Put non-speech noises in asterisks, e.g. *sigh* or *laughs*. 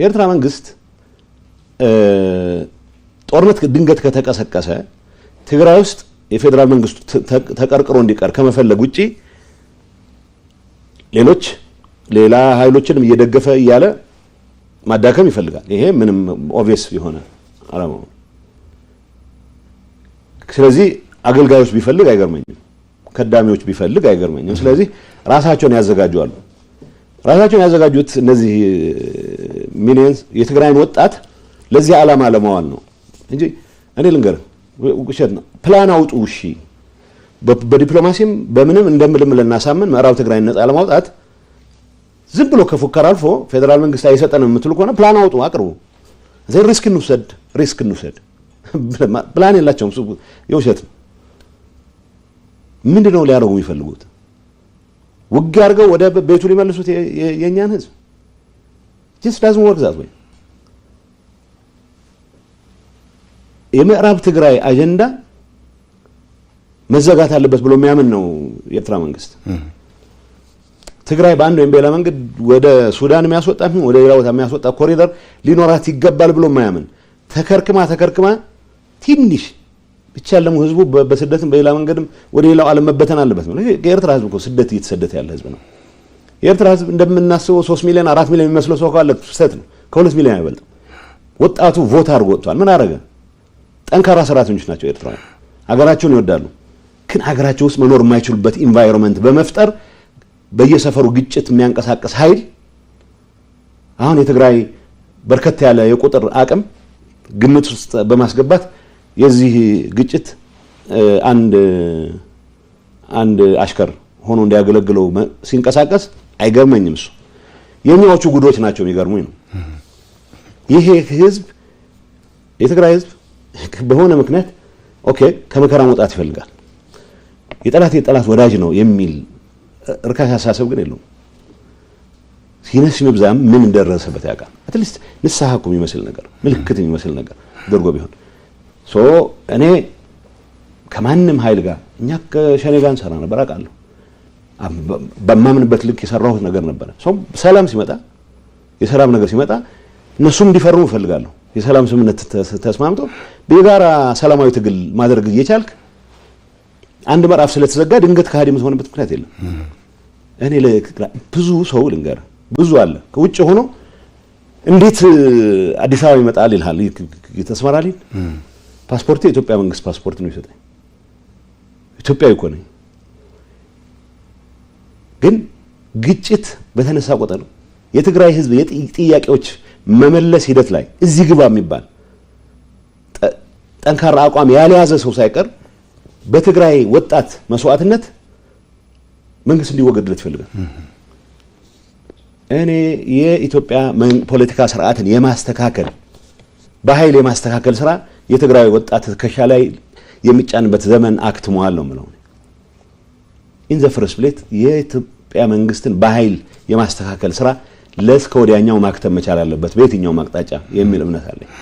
የኤርትራ መንግስት ጦርነት ድንገት ከተቀሰቀሰ ትግራይ ውስጥ የፌዴራል መንግስቱ ተቀርቅሮ እንዲቀር ከመፈለግ ውጭ ሌሎች ሌላ ኃይሎችንም እየደገፈ እያለ ማዳከም ይፈልጋል። ይሄ ምንም ኦቪየስ የሆነ አላማው። ስለዚህ አገልጋዮች ቢፈልግ አይገርመኝም፣ ከዳሚዎች ቢፈልግ አይገርመኝም። ስለዚህ ራሳቸውን ያዘጋጀዋሉ። ራሳቸውን ያዘጋጁት እነዚህ ሚሊየንስ የትግራይን ወጣት ለዚህ ዓላማ ለማዋል ነው እንጂ እኔ ልንገር ውሸት ነው። ፕላን አውጡ እሺ፣ በዲፕሎማሲም በምንም እንደምልም ልናሳምን ምዕራብ ትግራይን ነጻ ለማውጣት ዝም ብሎ ከፉከር አልፎ ፌዴራል መንግስት አይሰጠንም የምትሉ ከሆነ ፕላን አውጡ፣ አቅርቡ። እዚህ ሪስክ እንውሰድ፣ ሪስክ እንውሰድ። *laughs* ፕላን የላቸውም፣ የውሸት ነው። ምንድነው ሊያደርጉ የሚፈልጉት? ውግ አድርገው ወደ ቤቱ ሊመልሱት የእኛን ህዝብ ጅስ ዳዝን ወርክ ዛት ወይ የምዕራብ ትግራይ አጀንዳ መዘጋት አለበት ብሎ የሚያምን ነው የኤርትራ መንግስት። ትግራይ በአንድ ወይም በሌላ መንገድ ወደ ሱዳን የሚያስወጣ ወደ ሌላ ቦታ የሚያስወጣ ኮሪደር ሊኖራት ይገባል ብሎ የማያምን ተከርክማ ተከርክማ ትንሽ ብቻ ያለም ህዝቡ በስደትም በሌላ መንገድም ወደ ሌላው ዓለም መበተን አለበት ነው። የኤርትራ ህዝብ እኮ ስደት እየተሰደተ ያለ ህዝብ ነው። የኤርትራ ህዝብ እንደምናስበው ሶስት ሚሊዮን አራት ሚሊዮን የሚመስለው ሰው ካለ ስህተት ነው። ከሁለት ሚሊዮን አይበልጥም። ወጣቱ ቮት አድርጎ ወጥቷል። ምን አደረገ? ጠንካራ ሰራተኞች ናቸው ኤርትራውያን። ሀገራቸውን ይወዳሉ፣ ግን ሀገራቸው ውስጥ መኖር የማይችሉበት ኢንቫይሮንመንት በመፍጠር በየሰፈሩ ግጭት የሚያንቀሳቀስ ኃይል አሁን የትግራይ በርከት ያለ የቁጥር አቅም ግምት ውስጥ በማስገባት የዚህ ግጭት አንድ አንድ አሽከር ሆኖ እንዲያገለግለው ሲንቀሳቀስ አይገርመኝም። እሱ የኛዎቹ ጉዶች ናቸው የሚገርሙኝ ነው። ይሄ ህዝብ የትግራይ ህዝብ በሆነ ምክንያት ኦኬ ከመከራ መውጣት ይፈልጋል። የጠላት የጠላት ወዳጅ ነው የሚል እርካሽ አሳሰብ ግን የለውም። ሲነስ ምብዛም ምን እንደደረሰበት ያውቃል። አትሊስት ንስሐ እኮ የሚመስል ነገር ምልክት የሚመስል ነገር አድርጎ ቢሆን ሶ እኔ ከማንም ኃይል ጋር እኛ ከሸኔ ጋር እንሰራ ነበር አውቃለሁ። በማምንበት ልክ የሰራሁት ነገር ነበረ። ሰላም ሲመጣ የሰላም ነገር ሲመጣ እነሱም እንዲፈርሙ እፈልጋለሁ። የሰላም ስምምነት ተስማምቶ የጋራ ሰላማዊ ትግል ማድረግ እየቻልክ አንድ ምዕራፍ ስለተዘጋ ድንገት ከሃዲ የምትሆንበት ምክንያት የለም። እኔ ብዙ ሰው ልንገር ብዙ አለ ከውጭ ሆኖ እንዴት አዲስ አበባ ይመጣል ይልሃል፣ ተስማራል ፓስፖርቴ የኢትዮጵያ መንግስት ፓስፖርት ነው ይሰጠኝ። ኢትዮጵያዊ እኮ ነኝ። ግን ግጭት በተነሳ ቁጥር የትግራይ ህዝብ የጥያቄዎች መመለስ ሂደት ላይ እዚህ ግባ የሚባል ጠንካራ አቋም ያልያዘ ሰው ሳይቀር በትግራይ ወጣት መስዋዕትነት መንግስት እንዲወገድለት ይፈልጋል። እኔ የኢትዮጵያ ፖለቲካ ስርዓትን የማስተካከል በኃይል የማስተካከል ስራ የትግራዊ ወጣት ትከሻ ላይ የሚጫንበት ዘመን አክትመዋል ነው ምለው ኢን ዘ ፈርስት ፕሌት የኢትዮጵያ መንግስትን በኃይል የማስተካከል ስራ ለእስከ ወዲያኛው ማክተም መቻል አለበት በየትኛውም አቅጣጫ የሚል እምነት አለኝ።